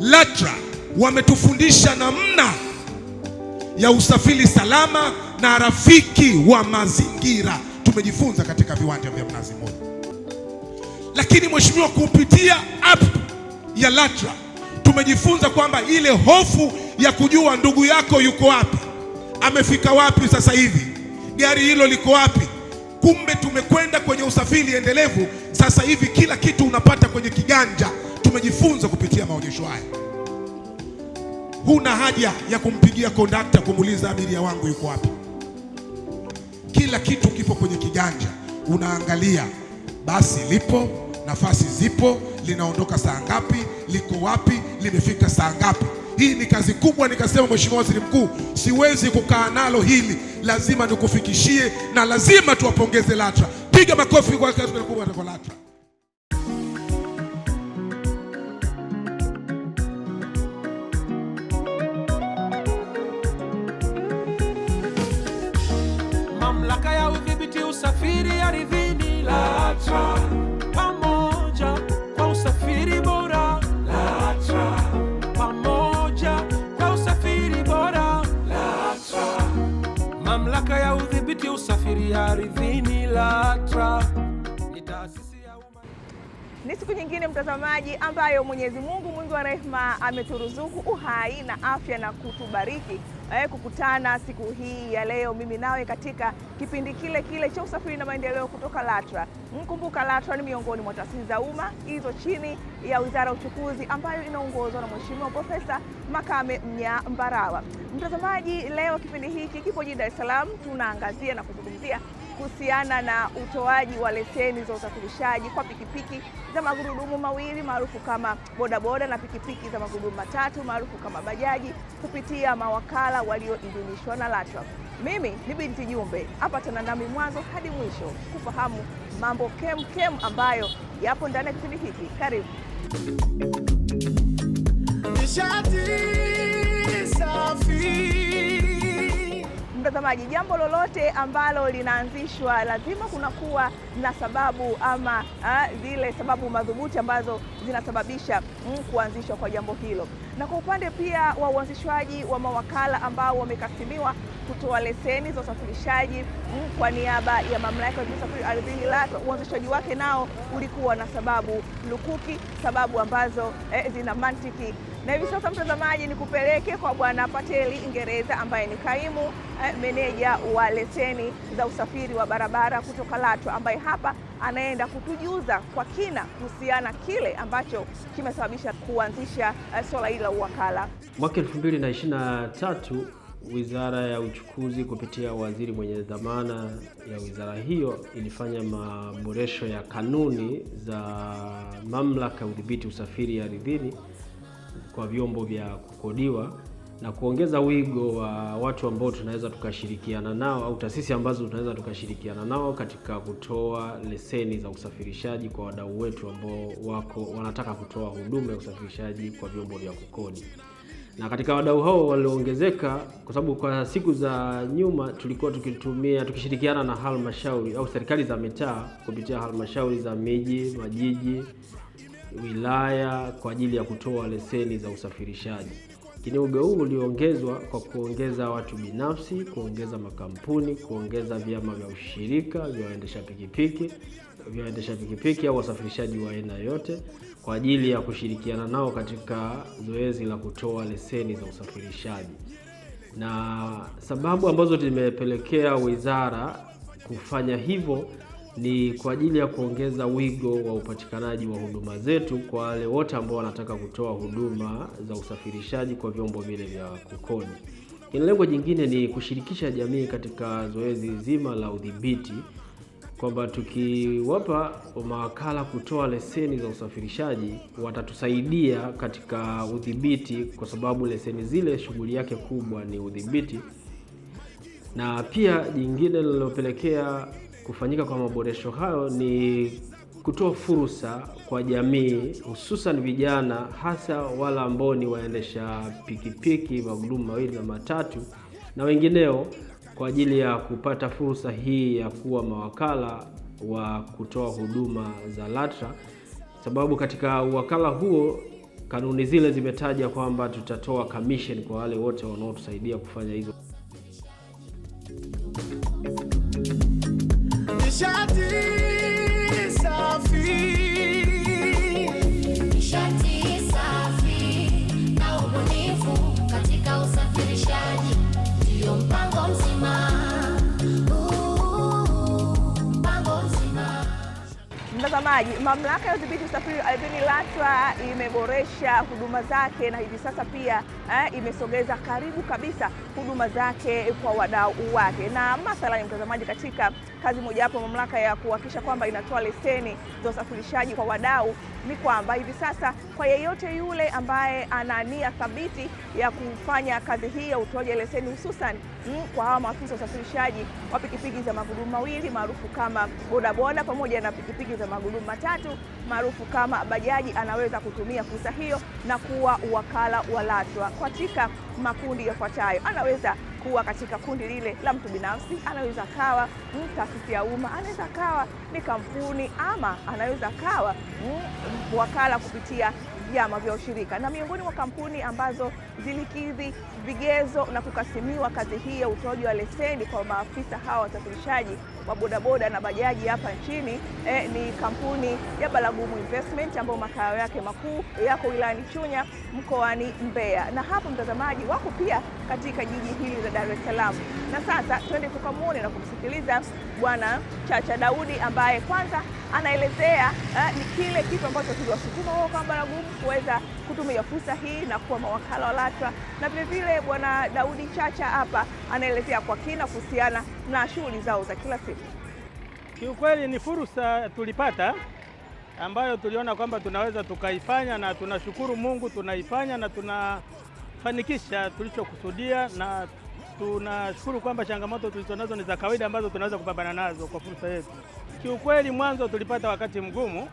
LATRA wametufundisha namna ya usafiri salama na rafiki wa mazingira. Tumejifunza katika viwanja vya Mnazi Mmoja, lakini mheshimiwa, kupitia app ya LATRA tumejifunza kwamba ile hofu ya kujua ndugu yako yuko wapi, amefika wapi sasa hivi, gari hilo liko wapi. Kumbe tumekwenda kwenye usafiri endelevu. Sasa hivi kila kitu unapata kwenye kiganja tumejifunza kupitia maonyesho haya. Huna haja ya kumpigia kondakta kumuuliza abiria wangu yuko wapi. Kila kitu kipo kwenye kiganja, unaangalia basi lipo, nafasi zipo, linaondoka saa ngapi, liko wapi, limefika saa ngapi. Hii ni kazi kubwa. Nikasema Mheshimiwa Waziri Mkuu, siwezi kukaa nalo hili, lazima nikufikishie, na lazima tuwapongeze LATRA. Piga makofi kwa kazi kubwa kwa LATRA. kudhibiti usafiri ardhini LATRA. Ni siku nyingine mtazamaji, ambayo Mwenyezi Mungu mwingi wa rehema ameturuzuku uhai na afya na kutubariki eh, kukutana siku hii ya leo mimi nawe katika kipindi kile kile cha usafiri na maendeleo kutoka LATRA. Mkumbuka, LATRA ni miongoni mwa taasisi za umma hizo chini ya Wizara ya Uchukuzi ambayo inaongozwa na Mheshimiwa Profesa Makame Mnya Mbarawa. Mtazamaji, leo kipindi hiki kipo jijini Dar es Salaam, tunaangazia na kuzungumzia kuhusiana na utoaji wa leseni za usafirishaji kwa pikipiki za magurudumu mawili maarufu kama bodaboda na pikipiki za magurudumu matatu maarufu kama bajaji kupitia mawakala walioidhinishwa na LATRA. Mimi ni Binti Jumbe, hapa tana nami mwanzo hadi mwisho kufahamu mambo kem kem ambayo yapo ndani ya kipindi hiki. Karibu. Nishati safi mtazamaji, jambo lolote ambalo linaanzishwa lazima kunakuwa na sababu ama a, zile sababu madhubuti ambazo zinasababisha mm, kuanzishwa kwa jambo hilo. Na kwa upande pia wa uanzishwaji wa mawakala ambao wamekasimiwa kutoa leseni za usafirishaji mm, kwa niaba ya mamlaka ya usafiri ardhini LATRA, uanzishwaji wake nao ulikuwa na sababu lukuki, sababu ambazo eh, zina mantiki na hivi sasa mtazamaji, ni kupeleke kwa Bwana Pateli Ingereza ambaye ni kaimu eh, meneja wa leseni za usafiri wa barabara kutoka LATRA ambaye hapa anaenda kutujuza kwa kina kuhusiana kile ambacho kimesababisha kuanzisha eh, swala hili la uwakala. Mwaka 2023 Wizara ya Uchukuzi kupitia waziri mwenye dhamana ya wizara hiyo ilifanya maboresho ya kanuni za mamlaka ya udhibiti usafiri ardhini kwa vyombo vya kukodiwa na kuongeza wigo wa watu ambao tunaweza tukashirikiana nao au taasisi ambazo tunaweza tukashirikiana nao katika kutoa leseni za usafirishaji kwa wadau wetu ambao wako wanataka kutoa huduma ya usafirishaji kwa vyombo vya kukodi. Na katika wadau hao walioongezeka, kwa sababu kwa siku za nyuma tulikuwa tukitumia tukishirikiana na halmashauri au serikali za mitaa kupitia halmashauri za miji, majiji wilaya kwa ajili ya kutoa leseni za usafirishaji. Lakini uga huu uliongezwa kwa kuongeza watu binafsi, kuongeza makampuni, kuongeza vyama vya ushirika vya waendesha pikipiki vya waendesha pikipiki au wasafirishaji wa aina yote kwa ajili ya kushirikiana nao katika zoezi la kutoa leseni za usafirishaji. Na sababu ambazo zimepelekea wizara kufanya hivyo ni kwa ajili ya kuongeza wigo wa upatikanaji wa huduma zetu kwa wale wote ambao wanataka kutoa huduma za usafirishaji kwa vyombo vile vya kukodi. Lengo jingine ni kushirikisha jamii katika zoezi zima la udhibiti, kwamba tukiwapa mawakala kutoa leseni za usafirishaji watatusaidia katika udhibiti, kwa sababu leseni zile shughuli yake kubwa ni udhibiti. Na pia jingine linalopelekea Kufanyika kwa maboresho hayo ni kutoa fursa kwa jamii hususan vijana, hasa wale ambao ni waendesha pikipiki, magurudumu mawili na matatu na wengineo, kwa ajili ya kupata fursa hii ya kuwa mawakala wa kutoa huduma za LATRA, sababu katika uwakala huo kanuni zile zimetaja kwamba tutatoa commission kwa wale wote wanaotusaidia kufanya hizo Mtazamaji, mamlaka ya udhibiti usafiri ardhini LATRA imeboresha huduma zake na hivi sasa pia eh, imesogeza karibu kabisa huduma zake kwa wadau wake, na mathalani mtazamaji, katika kazi mojawapo mamlaka ya kuhakikisha kwamba inatoa leseni za usafirishaji kwa wadau ni kwamba hivi sasa kwa yeyote yule ambaye ana nia thabiti ya kufanya kazi hii ya utoaji leseni hususan mm, kwa hawa maafisa wa usafirishaji wa pikipiki za magurudumu mawili maarufu kama bodaboda pamoja na pikipiki za magurudumu matatu maarufu kama bajaji, anaweza kutumia fursa hiyo na kuwa wakala wa LATRA katika makundi yafuatayo: anaweza kuwa katika kundi lile la mtu binafsi, anaweza akawa taasisi ya umma, anaweza kawa ni kampuni, ama anaweza akawa wakala kupitia vyama vya ushirika. Na miongoni mwa kampuni ambazo zilikidhi vigezo na kukasimiwa kazi hii ya utoaji wa leseni kwa maafisa hawa wasafirishaji wa bodaboda na bajaji hapa nchini e, ni kampuni ya balagumu Investment ambayo makao yake makuu yako wilayani Chunya mkoani Mbeya, na hapo mtazamaji wako pia katika jiji hili la Dar es Salaam. Na sasa twende tukamwone na kumsikiliza Bwana Chacha Daudi ambaye kwanza anaelezea eh, ni kile kitu ambacho kiliwasukuma wao kama Baragumu kuweza kutumia fursa hii na kuwa mawakala wa LATRA, na vilevile bwana Daudi Chacha hapa anaelezea kwa kina kuhusiana na shughuli zao za kila siku. Kiukweli ni fursa tulipata ambayo tuliona kwamba tunaweza tukaifanya, na tunashukuru Mungu tunaifanya na tunafanikisha tulichokusudia, na tunashukuru kwamba changamoto tulizonazo ni za kawaida ambazo tunaweza kupambana nazo kwa fursa yetu. Kiukweli mwanzo tulipata wakati mgumu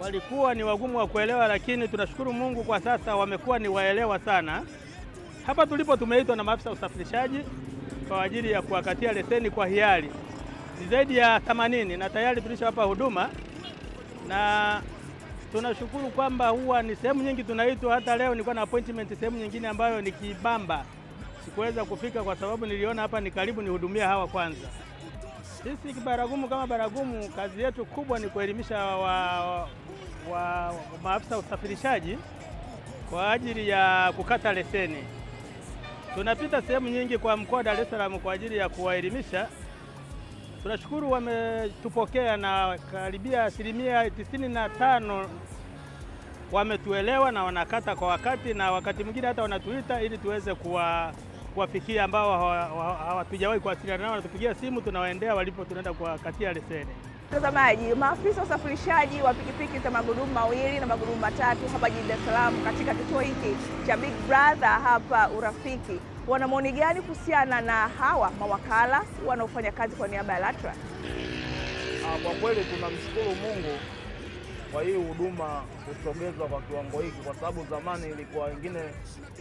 walikuwa ni wagumu wa kuelewa, lakini tunashukuru Mungu kwa sasa wamekuwa ni waelewa sana. Hapa tulipo tumeitwa na maafisa usafirishaji kwa ajili ya kuwakatia leseni kwa hiari ni zaidi ya 80 na tayari tulishawapa huduma na tunashukuru kwamba huwa ni sehemu nyingi tunaitwa. Hata leo nilikuwa na appointment sehemu nyingine ambayo ni Kibamba, sikuweza kufika kwa sababu niliona hapa ni karibu nihudumia hawa kwanza. Sisi Kibaragumu kama Baragumu, kazi yetu kubwa ni kuelimisha wa, wa, wa maafisa usafirishaji kwa ajili ya kukata leseni. Tunapita sehemu nyingi kwa mkoa wa Dar es Salaam kwa ajili ya kuwaelimisha. Tunashukuru wametupokea na karibia asilimia tisini na tano wametuelewa na wanakata kwa wakati, na wakati mwingine hata wanatuita ili tuweze kuwa kuwafikia ambao hawatujawahi kuwasiliana nao, natupigia simu, tunawaendea walipo, tunaenda kuwakatia leseni. Mtazamaji, maafisa usafirishaji wa pikipiki za magurudumu mawili na magurudumu matatu hapa jijini Dar es Salaam katika kituo hiki cha Big Brother hapa Urafiki wana maoni gani kuhusiana na hawa mawakala wanaofanya kazi kwa niaba ya LATRA? Ah, kwa kweli tunamshukuru Mungu kwa hii huduma kusogezwa kwa kiwango hiki, kwa sababu zamani ilikuwa wengine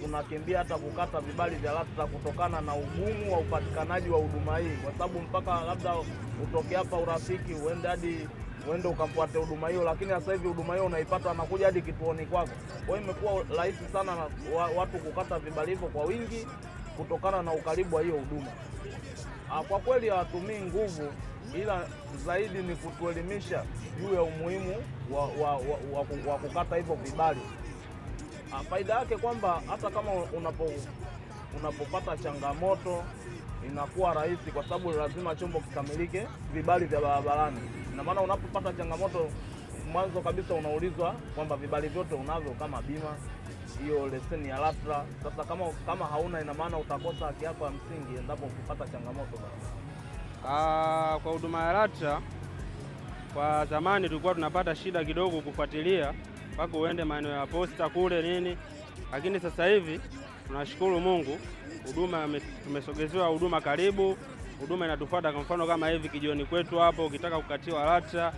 tunakimbia hata kukata vibali vya LATRA kutokana na ugumu wa upatikanaji wa huduma hii, kwa sababu mpaka labda utoke hapa Urafiki uende hadi uende ukampate huduma hiyo, lakini sasa hivi huduma hiyo unaipata, anakuja hadi kituoni kwako. Kwa hiyo imekuwa rahisi sana na watu kukata vibali hivyo kwa wingi kutokana na ukaribu wa hiyo huduma. Ah, kwa kweli hawatumii nguvu ila zaidi ni kutuelimisha juu ya umuhimu wa, wa, wa, wa, wa kukata hivyo vibali. Ah, faida yake kwamba hata kama unapo unapopata changamoto inakuwa rahisi, kwa sababu lazima chombo kikamilike vibali vya barabarani. Ina maana unapopata changamoto mwanzo kabisa unaulizwa kwamba vibali vyote unavyo, kama bima hiyo, leseni ya LATRA. Sasa kama, kama hauna, ina maana utakosa haki yako ya msingi endapo ukipata changamoto barabarani. Ah, kwa huduma ya LATRA kwa zamani tulikuwa tunapata shida kidogo kufuatilia mpaka uende maeneo ya posta kule nini, lakini sasa hivi tunashukuru Mungu, huduma tumesogezewa huduma karibu, huduma inatufuata. Kwa mfano kama hivi kijioni kwetu hapo, ukitaka kukatiwa LATRA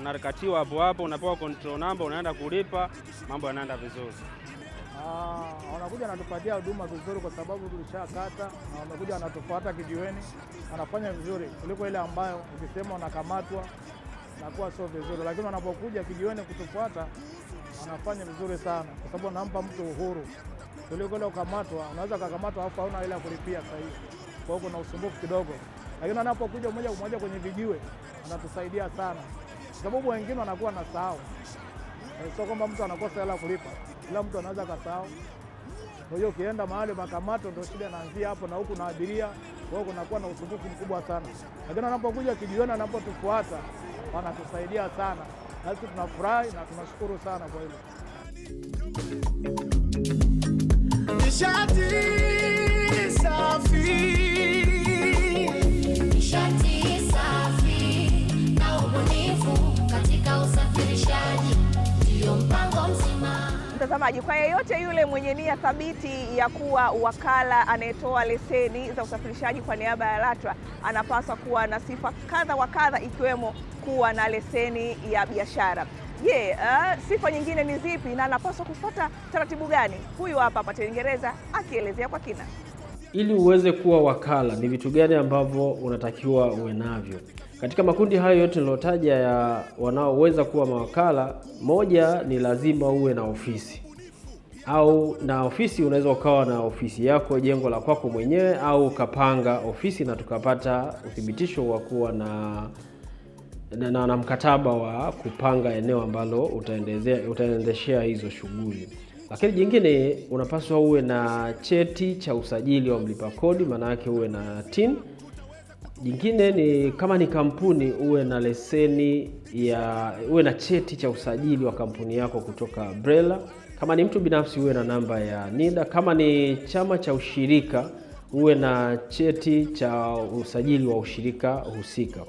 unakatiwa hapo hapo, unapewa control number, unaenda kulipa, mambo yanaenda vizuri. Ah, wanakuja wanatupatia huduma vizuri, kwa sababu tulishakata na wamekuja wanatufuata kijiweni, wanafanya vizuri kuliko ile ambayo ukisema unakamatwa nakuwa sio vizuri, lakini wanapokuja kijiweni kutufuata wanafanya vizuri sana, kwa sababu wanampa mtu uhuru kuliko ile ukamatwa. Unaweza kakamatwa afu hauna ile ya kulipia sahihi, kwa hiyo kuna usumbufu kidogo, lakini wanapokuja moja kwa moja kwenye vijiwe wanatusaidia sana, kwa sababu wengine wanakuwa na sahau, sio kwamba mtu anakosa hela kulipa kila mtu anaweza kasahau. Kwa hiyo ukienda mahali makamato, ndio shida inaanzia hapo, na huku na abiria, kwa hiyo kunakuwa na usumbufu mkubwa sana, lakini wanapokuja kijiona, wanapotufuata wanatusaidia sana, nasi tunafurahi na tunashukuru sana kwa hilo. Nishati safi mtazamaji, kwa yeyote yule mwenye nia thabiti ya kuwa wakala anayetoa leseni za usafirishaji kwa niaba ya LATRA anapaswa kuwa na sifa kadha wa kadha, ikiwemo kuwa na leseni ya biashara. Je, yeah, uh, sifa nyingine ni zipi na anapaswa kufuata taratibu gani? Huyu hapa Pate Uingereza akielezea kwa kina. Ili uweze kuwa wakala, ni vitu gani ambavyo unatakiwa uwe navyo? Katika makundi hayo yote nilotaja ya wanaoweza kuwa mawakala, moja ni lazima uwe na ofisi au na ofisi. Unaweza ukawa na ofisi yako jengo la kwako mwenyewe, au ukapanga ofisi na tukapata uthibitisho wa kuwa na na, na, na mkataba wa kupanga eneo ambalo utaendeshea hizo shughuli. Lakini jingine unapaswa uwe na cheti cha usajili wa mlipa kodi, maana yake uwe na TIN Jingine ni kama ni kampuni uwe na leseni ya uwe na cheti cha usajili wa kampuni yako kutoka BRELA. Kama ni mtu binafsi uwe na namba ya NIDA. Kama ni chama cha ushirika uwe na cheti cha usajili wa ushirika husika.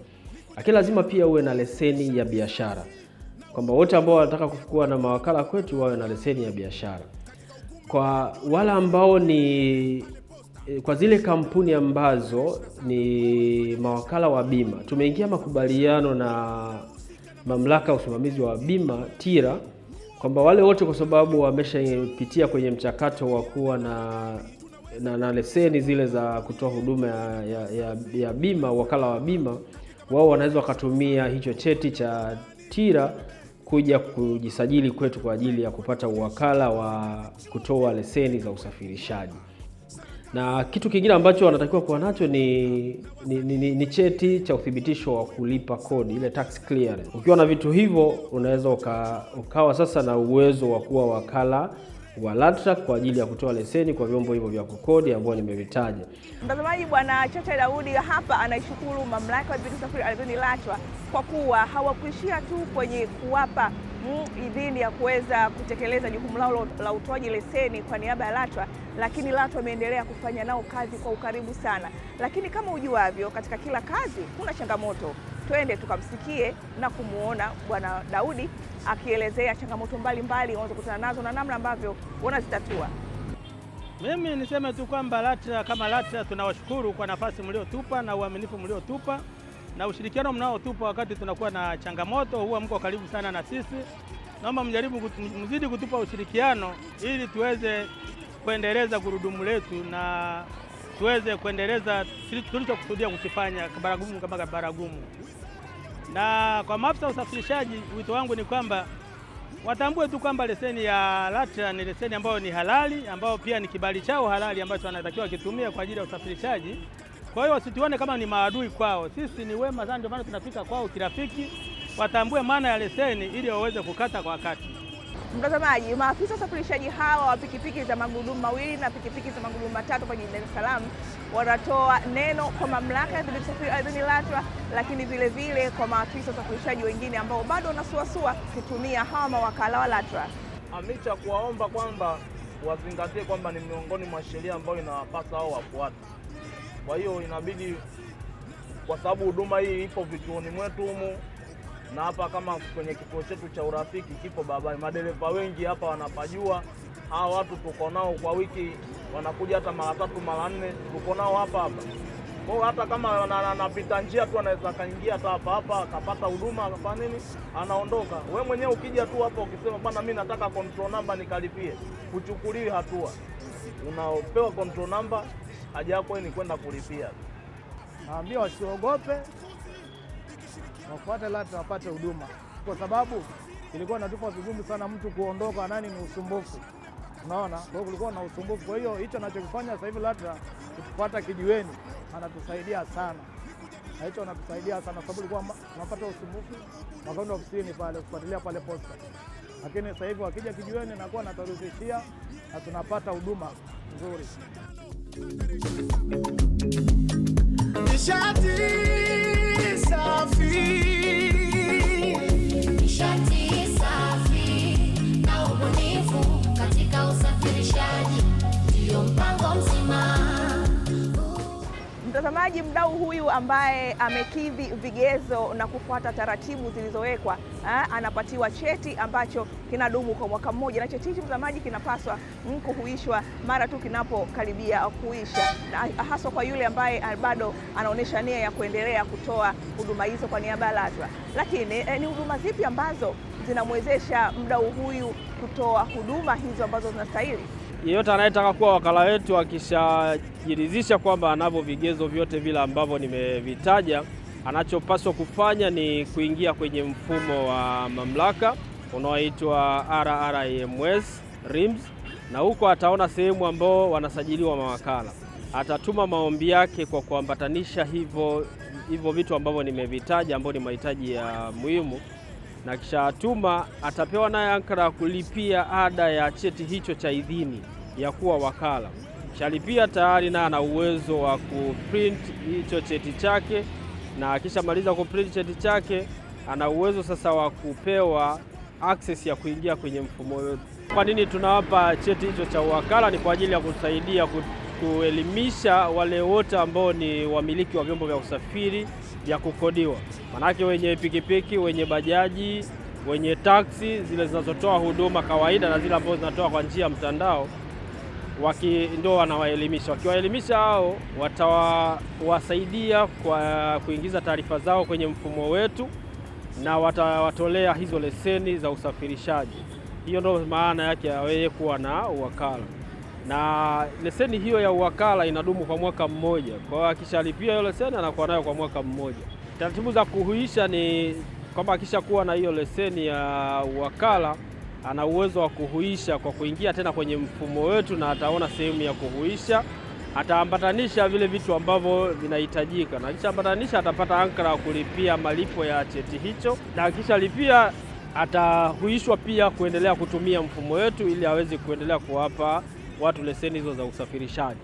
Lakini lazima pia uwe na leseni ya biashara, kwamba wote ambao wanataka kufukua na mawakala kwetu wawe na leseni ya biashara. Kwa wale ambao ni Eh, kwa zile kampuni ambazo ni mawakala wa bima, tumeingia makubaliano na mamlaka ya usimamizi wa bima TIRA kwamba wale wote, kwa sababu wameshapitia kwenye mchakato wa kuwa na, na, na leseni zile za kutoa huduma ya, ya, ya, ya bima, wakala wa bima, wao wanaweza wakatumia hicho cheti cha TIRA kuja kujisajili kwetu kwa ajili ya kupata uwakala wa kutoa leseni za usafirishaji na kitu kingine ambacho wanatakiwa kuwa nacho ni, ni, ni, ni cheti cha uthibitisho wa kulipa kodi ile tax clearance. Ukiwa na vitu hivyo unaweza uka, ukawa sasa na uwezo wa kuwa wakala wa LATRA kwa ajili ya kutoa leseni kwa vyombo hivyo vya kukodi ambayo nimevitaja. Mtazamaji, Bwana Chacha Daudi hapa anaishukuru Mamlaka ya Udhibiti Usafiri Ardhini LATRA kwa kuwa hawakuishia tu kwenye kuwapa idhini ya kuweza kutekeleza jukumu lao la utoaji leseni kwa niaba ya LATRA, lakini LATRA ameendelea kufanya nao kazi kwa ukaribu sana. Lakini kama ujuavyo, katika kila kazi kuna changamoto. Twende tukamsikie na kumwona Bwana Daudi akielezea changamoto mbalimbali wanazokutana nazo na namna ambavyo wanazitatua. Mimi niseme tu kwamba LATRA kama LATRA tunawashukuru kwa nafasi mliotupa na uaminifu mliotupa na ushirikiano mnaotupa wakati tunakuwa na changamoto, huwa mko karibu sana na sisi. Naomba mjaribu mzidi kutupa ushirikiano ili tuweze kuendeleza gurudumu letu na tuweze kuendeleza tulichokusudia kukifanya Kabaragumu kama Kabaragumu. Na kwa maafisa usafirishaji, wito wangu ni kwamba watambue tu kwamba leseni ya LATRA ni leseni ambayo ni halali, ambayo pia ni kibali chao halali ambacho wanatakiwa kitumia kwa ajili ya usafirishaji. Kwa hiyo wasituone kama ni maadui kwao, sisi ni wema sana, ndio maana tunafika kwao kirafiki, watambue maana ya leseni ili waweze kukata kwa wakati. Mtazamaji, maafisa usafirishaji hawa wa pikipiki za magurudumu mawili na pikipiki za magurudumu matatu kwa jijini Dar es Salaam wanatoa neno kwa mamlaka ya udhibiti usafiri ardhini LATRA, lakini vile vile kwa maafisa usafirishaji wengine ambao bado wanasuasua kutumia hawa mawakala wa LATRA. AMICHA kuwaomba kwamba wazingatie kwamba ni miongoni mwa sheria ambayo inawapasa wao wafuate. Kwa hiyo inabidi, kwa sababu huduma hii ipo vituoni mwetu humu na hapa, kama kwenye kituo chetu cha urafiki kipo babai madereva wengi hapa wanapajua. Hawa watu tuko nao kwa wiki wanakuja hata mara tatu mara nne, tuko nao hapa hapa kwao. Hata kama anapita njia tu anaweza akaingia hata hapa hapa akapata huduma akafanya nini, anaondoka. We mwenyewe ukija tu hapa ukisema bwana, mi nataka control number nikalipie, kuchukuliwi hatua, unapewa control number haja yako ni kwenda kulipia. Naambia wasiogope, wafuate LATRA wapate huduma, kwa sababu ilikuwa natupa vigumu sana mtu kuondoka, nani ni usumbufu, unaona. Kwa kulikuwa na usumbufu, kwa hiyo hicho anachokifanya sasa hivi LATRA kutupata kijiweni, anatusaidia sana na hicho anatusaidia sana, sababu ilikuwa tunapata usumbufu wakaenda ofisini pale kufuatilia pale posta, lakini sasa hivi wakija kijiweni nakuwa natarudishia na tunapata huduma nzuri. Mtazamaji, mdau huyu ambaye amekidhi vigezo na kufuata taratibu zilizowekwa, eh, anapatiwa cheti ambacho kinadumu kwa mwaka mmoja, na cheti hichi mtazamaji, kinapaswa huishwa mara tu kinapokaribia kuisha, na haswa kwa yule ambaye bado anaonyesha nia ya kuendelea kutoa huduma hizo kwa niaba ya LATRA. Lakini eh, ni huduma zipi ambazo zinamwezesha mdau huyu kutoa huduma hizo ambazo zinastahili? Yeyote anayetaka kuwa wakala wetu akishajiridhisha kwamba anavyo vigezo vyote vile ambavyo nimevitaja, anachopaswa kufanya ni kuingia kwenye mfumo wa mamlaka unaoitwa RRIMS RIMS, na huko ataona sehemu ambao wanasajiliwa mawakala. Atatuma maombi yake kwa kuambatanisha hivyo hivyo vitu ambavyo nimevitaja, ambao ni mahitaji ya muhimu, na kisha atuma, atapewa naye ankara ya kulipia ada ya cheti hicho cha idhini ya kuwa wakala. Kishalipia tayari na ana uwezo wa kuprint hicho cheti chake, na akishamaliza kuprint cheti chake ana uwezo sasa wa kupewa access ya kuingia kwenye mfumo wetu. Kwa nini tunawapa cheti hicho cha uwakala? Ni kwa ajili ya kusaidia kuelimisha wale wote ambao ni wamiliki wa vyombo vya usafiri vya kukodiwa, manake wenye pikipiki, wenye bajaji, wenye taksi zile zinazotoa huduma kawaida na zile ambazo zinatoa kwa njia ya mtandao waki ndio wanawaelimisha. Wakiwaelimisha hao watawasaidia kwa kuingiza taarifa zao kwenye mfumo wetu na watawatolea hizo leseni za usafirishaji. Hiyo ndio maana yake ya wewe kuwa na uwakala, na leseni hiyo ya uwakala inadumu kwa mwaka mmoja. Kwa hiyo akishalipia hiyo leseni anakuwa nayo kwa mwaka mmoja. Taratibu za kuhuisha ni kwamba akishakuwa na hiyo leseni ya uwakala ana uwezo wa kuhuisha kwa kuingia tena kwenye mfumo wetu, na ataona sehemu ya kuhuisha ataambatanisha vile vitu ambavyo vinahitajika, na akishaambatanisha atapata ankara ya kulipia malipo ya cheti hicho, na akishalipia atahuishwa pia kuendelea kutumia mfumo wetu ili aweze kuendelea kuwapa watu leseni hizo za usafirishaji.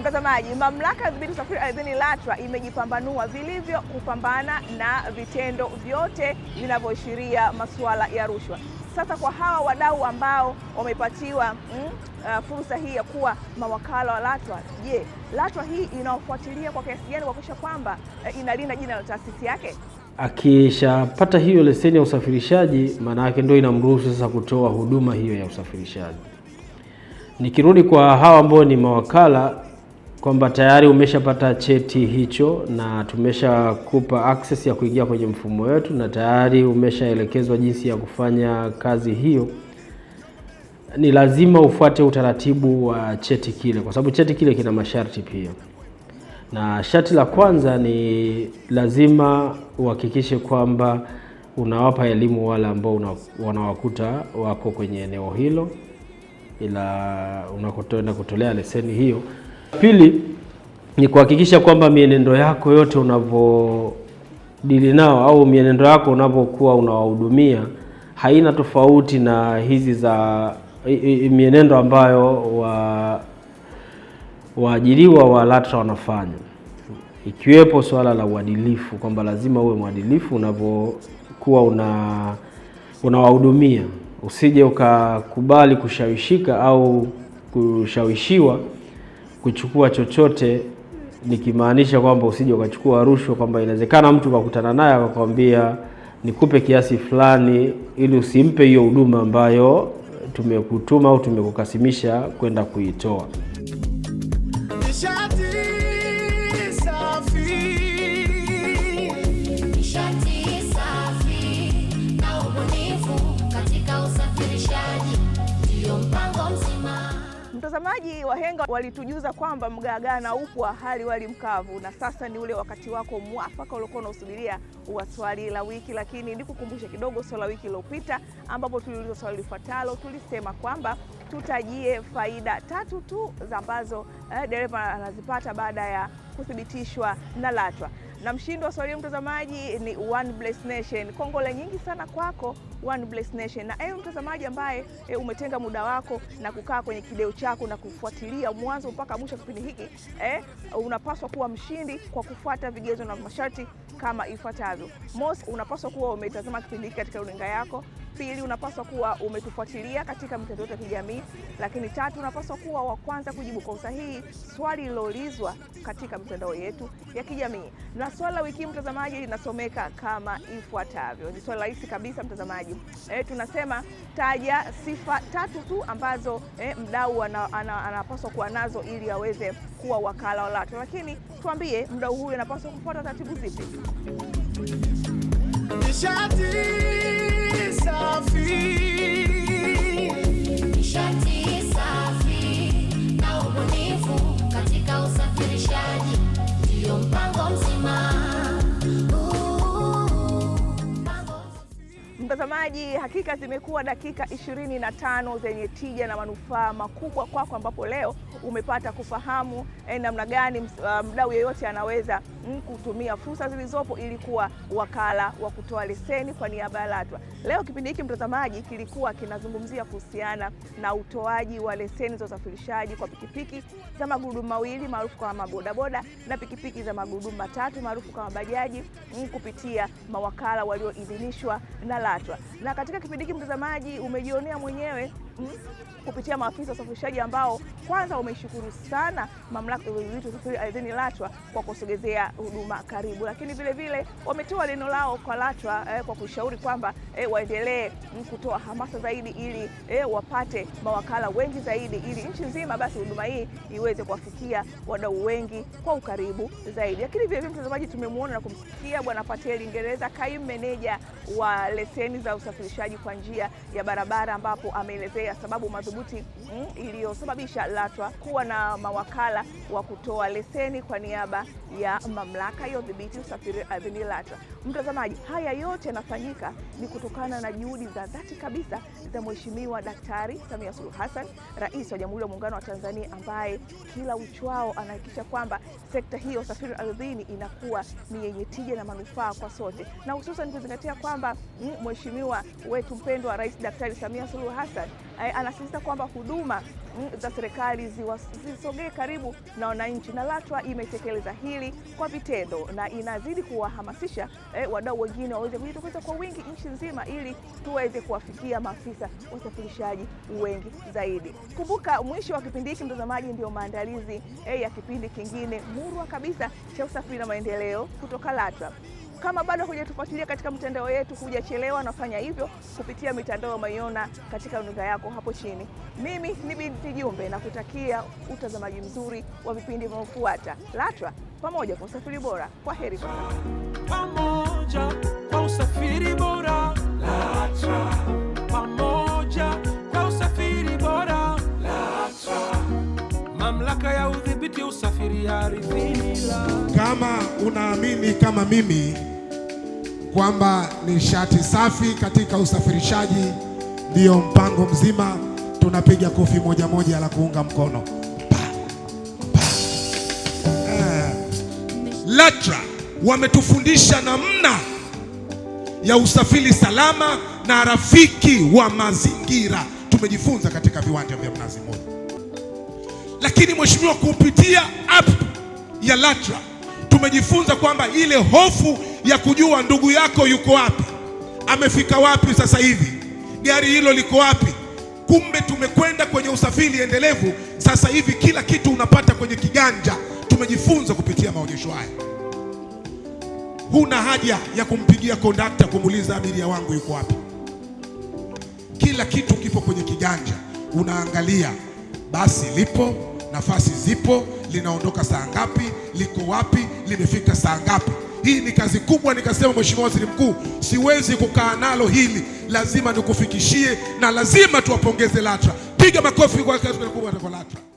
Mtazamaji, mamlaka ya udhibiti usafiri ardhini LATRA imejipambanua vilivyo kupambana na vitendo vyote vinavyoashiria masuala ya rushwa. Sasa kwa hawa wadau ambao wamepatiwa mm, uh, fursa hii ya kuwa mawakala wa LATRA, je, LATRA hii inaofuatilia kwa kiasi gani kuhakikisha kwamba uh, inalinda jina la taasisi yake? Akishapata hiyo leseni ya usafirishaji, maana yake ndio inamruhusu sasa kutoa huduma hiyo ya usafirishaji. Nikirudi kwa hawa ambao ni mawakala kwamba tayari umeshapata cheti hicho na tumeshakupa access ya kuingia kwenye mfumo wetu na tayari umeshaelekezwa jinsi ya kufanya kazi hiyo, ni lazima ufuate utaratibu wa cheti kile, kwa sababu cheti kile kina masharti pia. Na sharti la kwanza ni lazima uhakikishe kwamba unawapa elimu wale ambao wanawakuta wako kwenye eneo hilo, ila unakoenda kutolea leseni hiyo Pili ni kuhakikisha kwamba mienendo yako yote unavyodili nao au mienendo yako unavyokuwa unawahudumia haina tofauti na hizi za mienendo ambayo wa waajiriwa wa LATRA wanafanya, ikiwepo swala la uadilifu, kwamba lazima uwe mwadilifu unavyokuwa una unawahudumia, usije ukakubali kushawishika au kushawishiwa kuchukua chochote nikimaanisha kwamba usije ukachukua rushwa, kwamba inawezekana mtu kakutana naye akakwambia nikupe kiasi fulani ili usimpe hiyo huduma ambayo tumekutuma au tumekukasimisha kwenda kuitoa. Watazamaji, wahenga walitujuza kwamba mgaagaa na upwa hali wali mkavu, na sasa ni ule wakati wako mwafaka uliokuwa unausubiria wa swali la wiki, lakini nikukumbushe kidogo swali la wiki iliyopita, ambapo tuliuliza swali lifuatalo. Tulisema kwamba tutajie faida tatu tu ambazo eh, dereva anazipata baada ya kuthibitishwa na LATRA na mshindi wa swali mtazamaji ni One Bless Nation. Kongole nyingi sana kwako One Bless Nation, na ewe mtazamaji ambaye e, umetenga muda wako na kukaa kwenye kideo chako na kufuatilia mwanzo mpaka mwisho kipindi hiki e, unapaswa kuwa mshindi kwa kufuata vigezo na masharti kama ifuatavyo. Mos, unapaswa kuwa umetazama kipindi hiki katika runinga yako Pili, unapaswa kuwa umetufuatilia katika mitandao yetu ya kijamii. Lakini tatu, unapaswa kuwa wa kwanza kujibu kwa usahihi swali liloulizwa katika mitandao yetu ya kijamii. Na swali la wiki mtazamaji, linasomeka kama ifuatavyo. Ni swali rahisi kabisa mtazamaji. E, tunasema taja sifa tatu tu ambazo e, mdau anapaswa ana, ana, ana kuwa nazo ili aweze kuwa wakala wa LATRA, lakini tuambie mdau huyu anapaswa kufuata taratibu zipi? Mtazamaji, hakika zimekuwa dakika 25 zenye tija na manufaa makubwa kwako, ambapo leo umepata kufahamu eh, namna gani uh, mdau yeyote anaweza mm, kutumia fursa zilizopo ili kuwa wakala wa kutoa leseni kwa niaba ya LATRA. Leo kipindi hiki mtazamaji, kilikuwa kinazungumzia kuhusiana na utoaji wa leseni za usafirishaji kwa pikipiki za magurudumu mawili maarufu kama bodaboda na pikipiki za magurudumu matatu maarufu kama bajaji mm, kupitia mawakala walioidhinishwa na LATRA. Na katika kipindi hiki mtazamaji, umejionea mwenyewe Mm-hmm. kupitia maafisa wa usafirishaji ambao kwanza wameshukuru sana mamlaka ya usafiri ardhini LATRA kwa kusogezea huduma karibu, lakini vile vile wametoa neno lao kwa LATRA eh, kwa kushauri kwamba eh, waendelee kutoa hamasa zaidi ili eh, wapate mawakala wengi zaidi ili nchi nzima basi huduma hii iweze kuwafikia wadau wengi kwa ukaribu zaidi. Lakini vile vile, mtazamaji, tumemwona na kumsikia Bwana Pateli Ngereza, kaimu meneja wa leseni za usafirishaji kwa njia ya barabara, ambapo ameelezea sababu madhubuti mm, iliyosababisha LATRA kuwa na mawakala wa kutoa leseni kwa niaba ya mamlaka ya udhibiti usafiri ardhini LATRA. Mtazamaji, haya yote yanafanyika ni kutokana na juhudi za dhati kabisa za Mheshimiwa Daktari Samia Suluhu Hassan, Rais wa Jamhuri ya Muungano wa Tanzania, ambaye kila uchwao anahakikisha kwamba sekta hiyo usafiri ardhini inakuwa ni yenye tija na manufaa kwa sote, na hususan kuzingatia kwamba kwamba mheshimiwa wetu mpendwa Rais Daktari Samia Suluhu Hassan eh, anasisitiza kwamba huduma za serikali zisogee karibu na wananchi, na LATRA imetekeleza hili kwa vitendo na inazidi kuwahamasisha eh, wadau wengine waweze kujitokeza kwa wingi nchi nzima ili tuweze kuwafikia maafisa wasafirishaji wengi zaidi. Kumbuka, mwisho wa kipindi hiki mtazamaji, ndio maandalizi eh, ya kipindi kingine murwa kabisa cha usafiri na maendeleo kutoka LATRA. Kama bado hujatufuatilia katika mitandao yetu, hujachelewa, nafanya hivyo kupitia mitandao umeiona katika runinga yako hapo chini. Mimi ni Binti Jumbe na kutakia utazamaji mzuri wa vipindi vinavyofuata. LATRA, pamoja kwa usafiri bora. Kwa heri Pamoja kwa usafiri bora LATRA. kupitia usafiri ardhini. Kama unaamini kama mimi kwamba nishati safi katika usafirishaji ndiyo mpango mzima, tunapiga kofi moja moja la kuunga mkono eh, LATRA wametufundisha namna ya usafiri salama na rafiki wa mazingira tumejifunza katika viwanja vya Mnazi Mmoja. Lakini mheshimiwa, kupitia app ya LATRA tumejifunza kwamba ile hofu ya kujua ndugu yako yuko wapi, amefika wapi, sasa hivi gari hilo liko wapi, kumbe tumekwenda kwenye usafiri endelevu. Sasa hivi kila kitu unapata kwenye kiganja. Tumejifunza kupitia maonyesho haya, huna haja ya kumpigia kondakta kumuuliza abiria wangu yuko wapi. Kila kitu kipo kwenye kiganja, unaangalia basi lipo nafasi zipo, linaondoka saa ngapi, liko wapi, limefika saa ngapi? Hii ni kazi kubwa. Nikasema, Mheshimiwa Waziri Mkuu, siwezi kukaa nalo hili, lazima nikufikishie na lazima tuwapongeze LATRA. Piga makofi kwa kazi kubwa kwa LATRA.